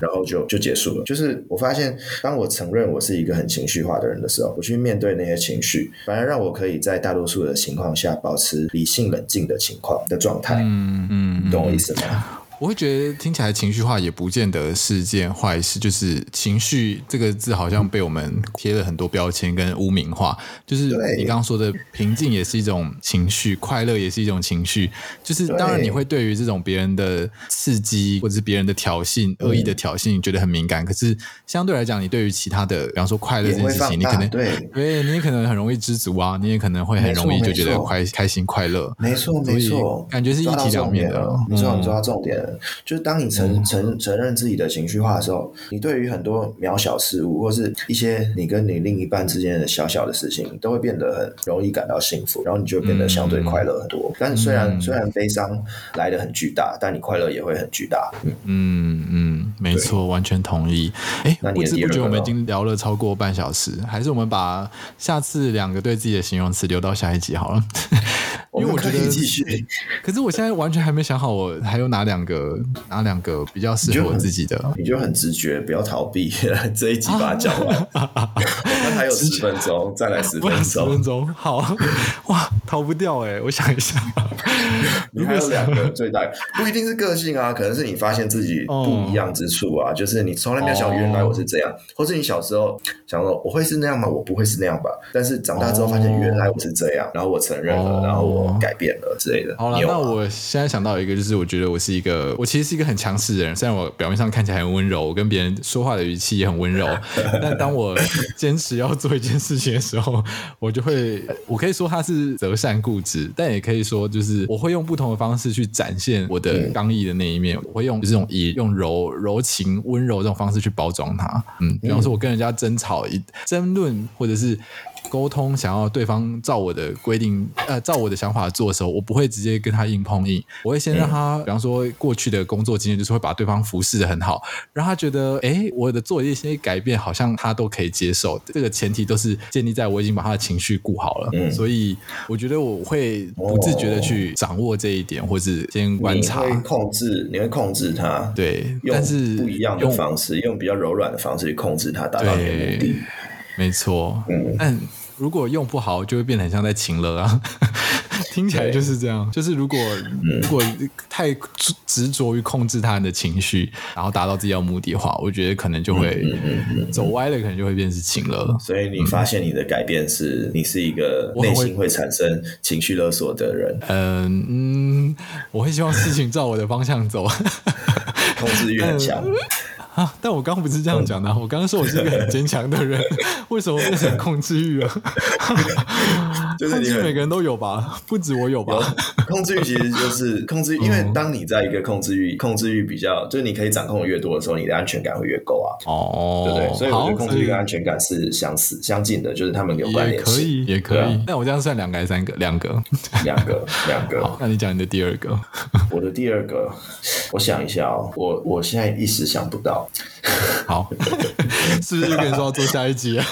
然後就就結束了。就是我發現，當我承認我是一個很情緒化的人的時候，我去面對那些情緒，反而讓我可以在大多數的情況下保持理性、冷靜的情況的狀態。嗯嗯，你、嗯、懂我意思嗎？我會覺得聽起來情緒化也不見得是件壞事，就是情緒這個字好像被我們貼了很多標籤跟污名化。就是你剛剛說的平靜也是一種情緒，快樂也是一種情緒。就是當然你會對於這種別人的刺激或者是別人的挑釁、對惡意的挑釁覺得很敏感，可是相對來講，你對於其他的，比方說快樂這件事情，你可能對，對你也可能很容易知足啊，你也可能會很容易就覺得開開心快樂。沒錯，沒錯，感覺是一體兩面的。沒錯，抓到重點了。嗯就是當你承承承認自己的情緒化的時候，嗯、你對於很多渺小事物，或是一些你跟你另一半之間的小小的事情，都會變得很容易感到幸福，然後你就變得相對快樂很多。嗯、但雖然、嗯、雖然悲傷來得很巨大，但你快樂也會很巨大。嗯嗯嗯，沒錯，對完全同意。哎、欸，不知、哦、不覺得我們已經聊了超過半小時，還是我們把下次兩個對自己的形容詞留到下一集好了。 因為我覺得，可，繼續 可是我現在完全還沒想好，我還有哪兩個 哪兩個比較適合我自己的？你就，你就很直覺，不要逃避這一集，八角，講完、啊。哈，還有十分鐘，直覺再來十分鐘，十分鐘好 哇，逃不掉哎、欸，我想一下。 你還有兩個最大，不一定是個性啊， 可能是你發現自己不一樣之處啊，嗯、就是你從來沒有想過，原來我是這樣，哦、或是你小時候想說我會是那樣嗎？我不會是那樣吧？但是長大之後發現原來我是這樣，哦、然後我承認了，哦、然後我改變了之類的。好啦，啊、那我現在想到一個，就是我覺得我是一個，我其實是一個很強勢的人，雖然我表面上看起來很溫柔，我跟別人說話的語氣也很溫柔， 但當我堅持要做一件事情的時候，我就會，我可以說他是擇善固執，但也可以說就是。我會用不同的方式去展現我的剛毅的那一面，嗯、我會用就是這種以用柔柔情溫柔這種方式去包裝它，嗯，比方說我跟人家爭吵一、嗯、爭論或者是。溝通想要對方照我的規定，呃，照我的想法做的時候，我不會直接跟他硬碰硬，我會先讓他，嗯、比方說過去的工作經驗就是會把對方服侍得很好，讓他覺得，哎、欸，我的做一些改變，好像他都可以接受。這個前提都是建立在我已經把他的情緒顧好了。嗯、所以我覺得我會不自覺的去、哦、掌握這一點，或是先觀察，你會控制，你會控制他，對，但是用不一樣的方式，用，用比較柔軟的方式去控制他，達到你的目的。沒錯，但如果用不好，就會變得很像在情勒啊！聽起來就是這樣，就是如果，嗯、如果太執着於控制他人的情緒，然後達到自己要目的的話，我覺得可能就會走歪了，可能就會變成情勒了。所以你發現你的改變是，嗯、你是一個內心會產生情緒勒索的人。嗯、呃、嗯，我會希望事情照我的方向走， 控制欲很強。啊！但我剛剛不是這樣講的，我剛剛說我是一個很堅強的人，為什麼變成控制欲了？就是你們每個人都有吧，不止我有吧？控制欲其實就是控制欲，因為當你在一個控制欲、控制欲比較，就是你可以掌控越多的時候，你的安全感會越夠啊。哦，對不對？所以我覺得控制欲跟安全感是相似、相近的，就是他們有關聯。可以，也可以。那我這樣算兩個還是三個？兩個，兩個，兩個。那你講你的第二個，我的第二個，我想一下哦，我我現在一時想不到。 好，是不是跟你說要做下一集啊？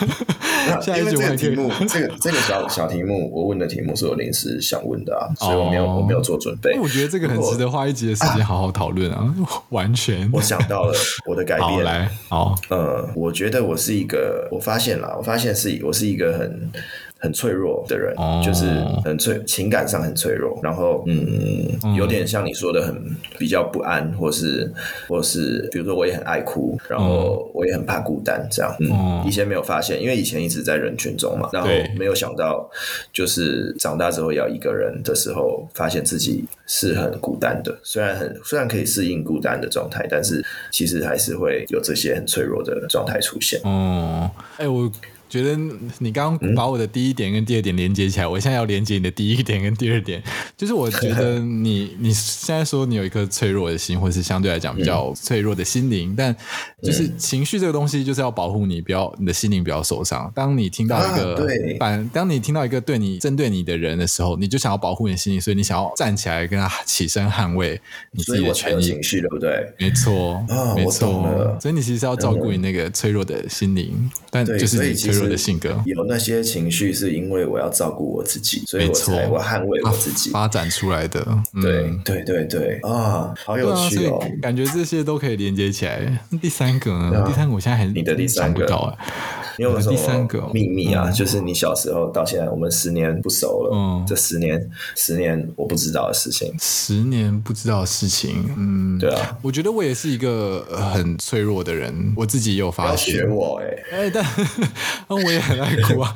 下一集這個題目，這個這個小小題目，我問的題目是我臨時想問的，啊，所以我沒有我沒有做準備。哦、我覺得這個很值得花一集的時間好好討論啊！果啊完全，我想到了我的改變來哦，呃、嗯，我覺得我是一個，我發現了，我發現是我是一個很。很脆弱的人，嗯、就是很脆，情感上很脆弱。然後，嗯，有點像你說的，很比較不安，或是、嗯、或是，或是比如說，我也很愛哭，然後我也很怕孤單，這樣。嗯，嗯以前沒有發現，因為以前一直在人群中嘛，然後沒有想到，就是長大之後也要一個人的時候，發現自己是很孤單的。雖然很雖然可以適應孤單的狀態，但是其實還是會有這些很脆弱的狀態出現。嗯，哎、欸，我。覺得你剛剛把我的第一點跟第二點連接起來，嗯、我現在要連接你的第一點跟第二點，就是我覺得你你現在說你有一顆脆弱的心，或者是相對來講比較脆弱的心靈，嗯、但就是情緒這個東西就是要保護你，比較你的心靈比較受傷。當你聽到一個、啊、對，當當你聽到一個對你針對你的人的時候，你就想要保護你的心靈，所以你想要站起來跟他起身捍衛你自己的權益，情緒對不對？沒錯、啊、沒錯，所以你其實是要照顧你那個脆弱的心靈，嗯、但就是你的性格有那些情緒，是因為我要照顧我自己，所以我才我捍衛我自己發展出來的。嗯、對，對對對對啊，好有趣哦！啊、感覺這些都可以連接起來。那第三個呢、啊？啊、第三個我現在還是想不到、啊、你的第三個。有沒有什麼祕密啊？哦、就是你小時候到現在，我們十年不熟了，嗯、這十年十年我不知道的事情，嗯、十年不知道的事情。嗯，對啊，我覺得我也是一個很脆弱的人，嗯、我自己也有發現要學我哎、欸、哎、欸，但 我也很愛哭啊。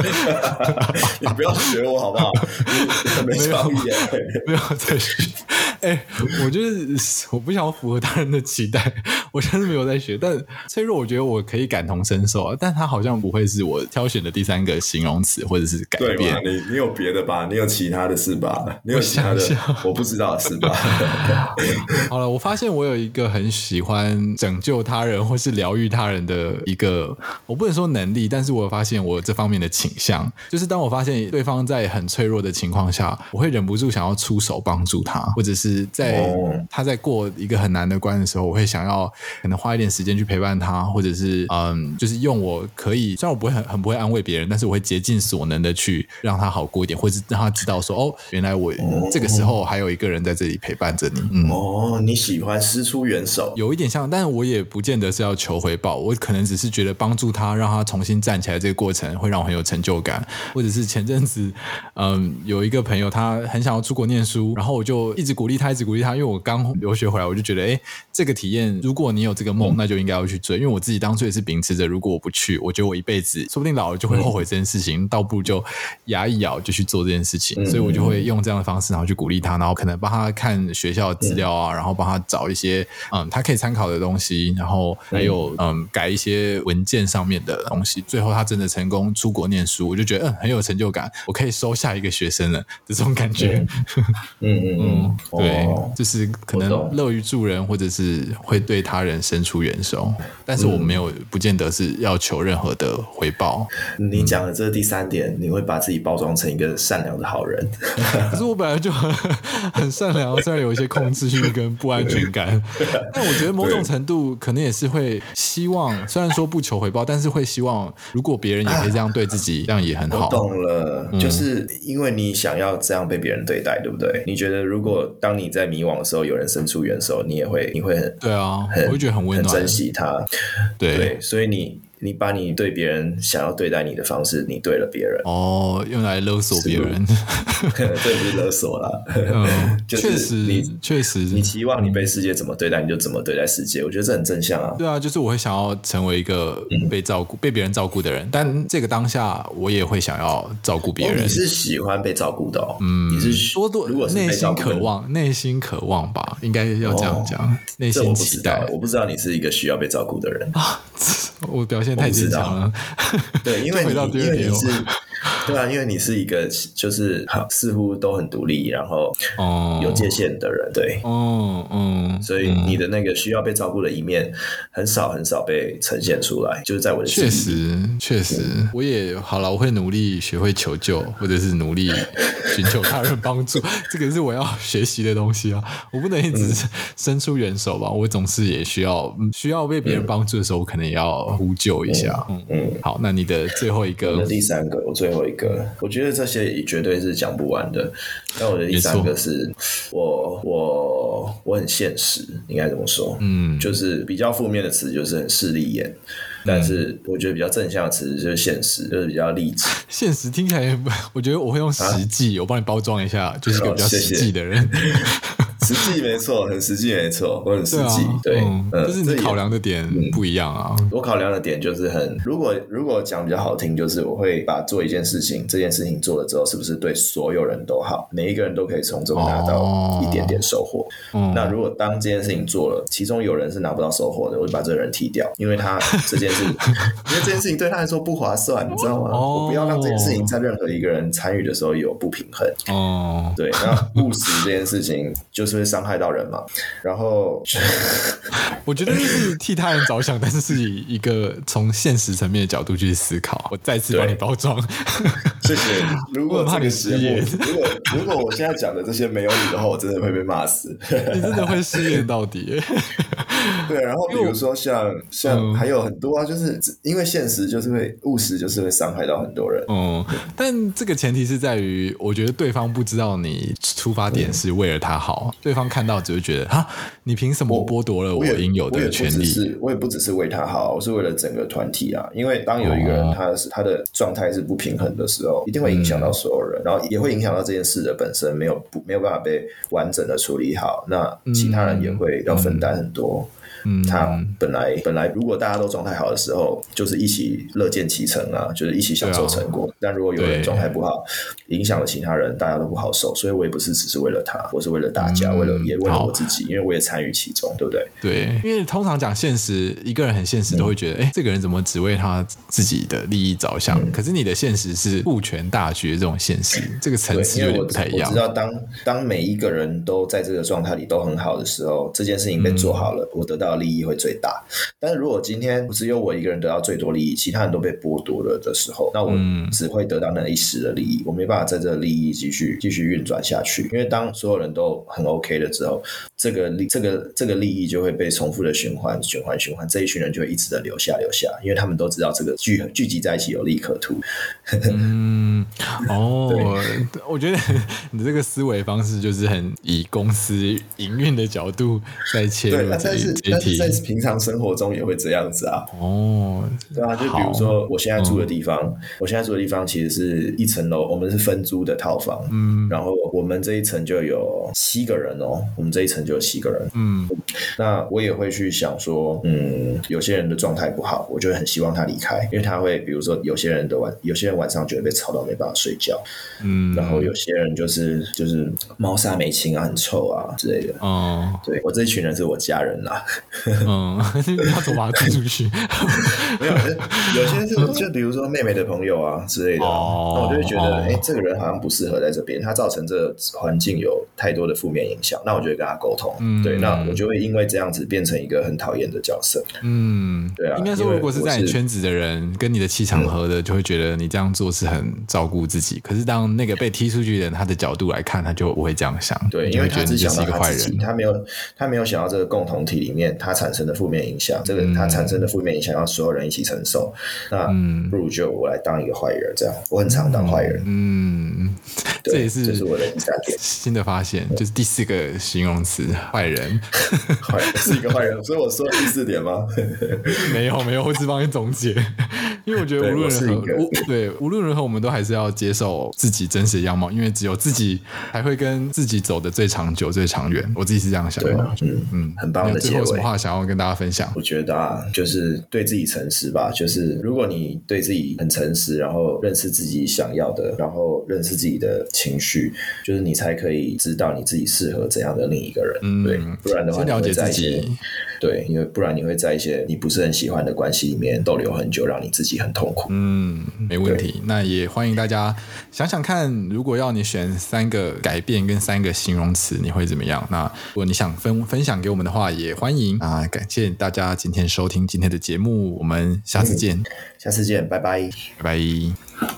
你不要學我好不好？ 沒創意，不要再學。 哎、欸，我就是我不想要符合他人的期待，我真的沒有在學，但脆弱，我覺得我可以感同身受啊。但他好像不會是我挑選的第三個形容詞，或者是改變。對，你，你有別的吧？你有其他的是吧？你有其他的？我不知道是吧？好了，我發現我有一個很喜歡拯救他人或是療癒他人的一個，我不能說能力，但是我有發現我有這方面的傾向，就是當我發現對方在很脆弱的情況下，我會忍不住想要出手幫助他，或者是。在他在過一個很難的關的時候，我會想要可能花一點時間去陪伴他，或者是嗯，就是用我可以，雖然我不會很很不會安慰別人，但是我會竭盡所能的去讓他好過一點，或是讓他知道說哦，原來我這個時候還有一個人在這裡陪伴着你。嗯、哦，你喜歡伸出援手。有一點像，但是我也不見得是要求回報，我可能只是覺得幫助他，讓他重新站起來，這個過程會讓我很有成就感。或者是前陣子，嗯，有一個朋友他很想要出國念書，然後我就一直鼓勵他。他一直鼓勵他，因為我剛留學回來，我就覺得，哎、欸，這個體驗，如果你有這個夢，那就應該要去追。因為我自己當初也是秉持着，如果我不去，我覺得我一輩子說不定老了就會後悔這件事情，倒、嗯、不如就牙一咬就去做這件事情。嗯、所以我就會用這樣的方式，然後去鼓勵他，然後可能幫他看學校資料啊，嗯、然後幫他找一些嗯他可以參考的東西，然後還有嗯改一些文件上面的東西。最後他真的成功出國念書，我就覺得嗯很有成就感，我可以收下一個學生了，這種感覺。嗯嗯嗯， 嗯，對。對就是可能樂於助人，或者是會對他人伸出援手，但是我沒有不見得是要求任何的回報。你講的這第三點，嗯、你會把自己包裝成一個善良的好人。 可是我本來就很，很善良，雖然有一些控制欲跟不安全感， 對但我覺得某種程度可能也是會希望，雖然說不求回報，但是會希望如果別人也可以這樣對自己，啊、這樣也很好。懂了，嗯、就是因為你想要這樣被別人對待，對不對？你覺得如果當你在迷惘的時候，有人伸出援手，你也會，你會很，對啊，我會覺得很溫暖，很珍惜他，對，對，所以你。你把你對別人想要對待你的方式，你對了別人哦，用來勒索別人，對不起勒索啦。確實，你確實你期望你被世界怎麼對待，你就怎麼對待世界。我覺得這很正向啊。對啊，就是我會想要成為一個被照顧、被別人照顧的人，但這個當下我也會想要照顧別人。你是喜歡被照顧的哦。嗯，你是說多？如果是內心渴望，內心渴望吧，應該要這樣講。內心期待，我不知道你是一個需要被照顧的人啊，我表現。太緊張了，對，因為你 你因為你是。 對啊，因為你是一個就是好，似乎都很獨立，然後哦有界限的人，對，哦嗯，所以你的那個需要被照顧的一面很少很少被呈現出來，就是在我的，確實確實我也好了，我會努力學會求救，或者是努力尋求他人幫助，這個是我要學習的東西啊，我不能一直伸出援手吧，我總是也需要需要被別人幫助的時候，我可能也要呼救一下，嗯嗯，好，那你的最後一個，我的第三個，我最。最後一個，我覺得這些也絕對是講不完的。那我的第三個是，沒錯。我我我很現實，應該怎麼說？嗯，就是比較負面的詞就是很勢利眼，嗯、但是我覺得比較正向的詞就是現實，就是比較勵志。現實聽起來，我覺得我會用實際，啊、我幫你包裝一下，就是一個比較實際的人。嗯嗯謝謝實際沒錯，很實際沒錯，我很實際。對，啊、對，嗯，呃、就是你考量的點、嗯、不一樣啊。我考量的點就是很，如果如果講比較好聽，就是我會把做一件事情，這件事情做了之後，是不是對所有人都好，每一個人都可以從中拿到一點點收穫。Oh, 那如果當這件事情做了，其中有人是拿不到收穫的，我就把這個人踢掉，因為他這件事， 因為這件事情對他來說不划算，oh, 你知道嗎？我不要讓這件事情在任何一個人參與的時候有不平衡。哦，oh. oh. 對，那務實這件事情就是。會傷害到人嘛？然後 我覺得就是替他人着想，但是是以一個從現實層面的角度去思考。我再次幫你包裝，對 謝謝。如果怕你失業，如果如果我現在講的這些沒有你的話，我真的會被罵死。 你真的會失業到底？ 對。然後比如說像像還有很多啊，就是因為現實就是會務實，就是會傷害到很多人。嗯，對但這個前提是在於，我覺得對方不知道你出發點是為了他好。對方看到只會覺得哈，你憑什麼剝奪了我應有的權利？我也不只是為他好，我是為了整個團體啊。因為當有一個人他是、啊、他的狀態是不平衡的時候，一定會影響到所有人，嗯、然後也會影響到這件事的本身，沒有、不、沒有辦法被完整的處理好。那其他人也會要分擔很多。嗯嗯嗯，他本來本來如果大家都狀態好的時候，就是一起樂見其成啊，就是一起享受成果。但如果有人狀態不好，影響了其他人，大家都不好受。所以我也不是只是為了他，我是為了大家，為了也為了我自己，因為我也參與其中，對不對？對，因為通常講現實，一個人很現實，都會覺得哎，這個人怎麼只為他自己的利益着想？可是你的現實是顧全大局的這種現實，這個層次有點不太一樣。我知道，當當每一個人都在這個狀態裡都很好的時候，這件事情被做好了，我得到。利益會最大，但是如果今天只有我一個人得到最多利益，其他人都被剝奪了的時候，那我只會得到那一時的利益，我沒辦法在這個利益繼續繼續運轉下去。因為當所有人都很 OK 的時候，這個利這個這個利益就會被重複的循環循環循環，這一群人就會一直的留下留下，因為他們都知道這個聚聚集在一起有利可圖。 嗯，哦，對我覺得你這個思維方式就是很以公司營運的角度在切入這一。對在平常生活中也會這樣子啊。哦，對啊，就比如說我現在住的地方，嗯、我現在住的地方其實是一層樓，我們是分租的套房。嗯，然後我們這一層就有七個人哦、喔，我們這一層就有七個人。嗯，那我也會去想說，嗯，有些人的狀態不好，我就很希望他離開，因為他會，比如說有些人的晚，有些人晚上覺得被吵到沒辦法睡覺。嗯，然後有些人就是就是貓砂沒清啊，很臭啊之類的。哦、嗯，對，我這一群人是我家人吶。嗯，要怎麼把他踢出去？沒有，有些是就比如說妹妹的朋友啊之類的，那我就會覺得，哎，這個人好像不適合在這邊，他造成這環境有太多的負面影響，那我就會跟他溝通。對，那我就會因為這樣子變成一個很討厭的角色。嗯，對啊。應該說，如果是在你圈子的人跟你的氣場合的，就會覺得你這樣做是很照顧自己。可是當那個被踢出去的人，他的角度來看，他就不會這樣想。對，因為覺得自己是一個壞人，他沒有他沒有想到這個共同體裡面。他產生的負面影響，這個他產生的負面影響要所有人一起承受。那不如就我來當一個壞人，這樣。我很常當壞人，嗯，這也是我的一點新的發現，就是第四個形容詞，壞人，壞人。是一個壞人。所以我說第四點嗎？沒有，沒有，我只幫你總結。因為我覺得無論如何，對，無論如何，我們都還是要接受自己真實的樣貌，因為只有自己還會跟自己走的最長久、最長遠。我自己是這樣想的。嗯嗯，很棒的結尾。想要跟大家分享。我覺得啊，就是對自己誠實吧。就是如果你對自己很誠實，然後認識自己想要的，然後認識自己的情緒，就是你才可以知道你自己適合怎樣的另一個人。嗯、對，不然的話，不了解自己。對，因為不然你會在一些你不是很喜歡的關係裡面逗留很久，讓你自己很痛苦。嗯，沒問題。對。那也歡迎大家想想看，如果要你選三個改變跟三個形容詞，你會怎麼樣？那如果你想分分享給我們的話，也歡迎啊！那感謝大家今天收聽今天的節目，我們下次見，嗯，下次見，拜拜，拜拜。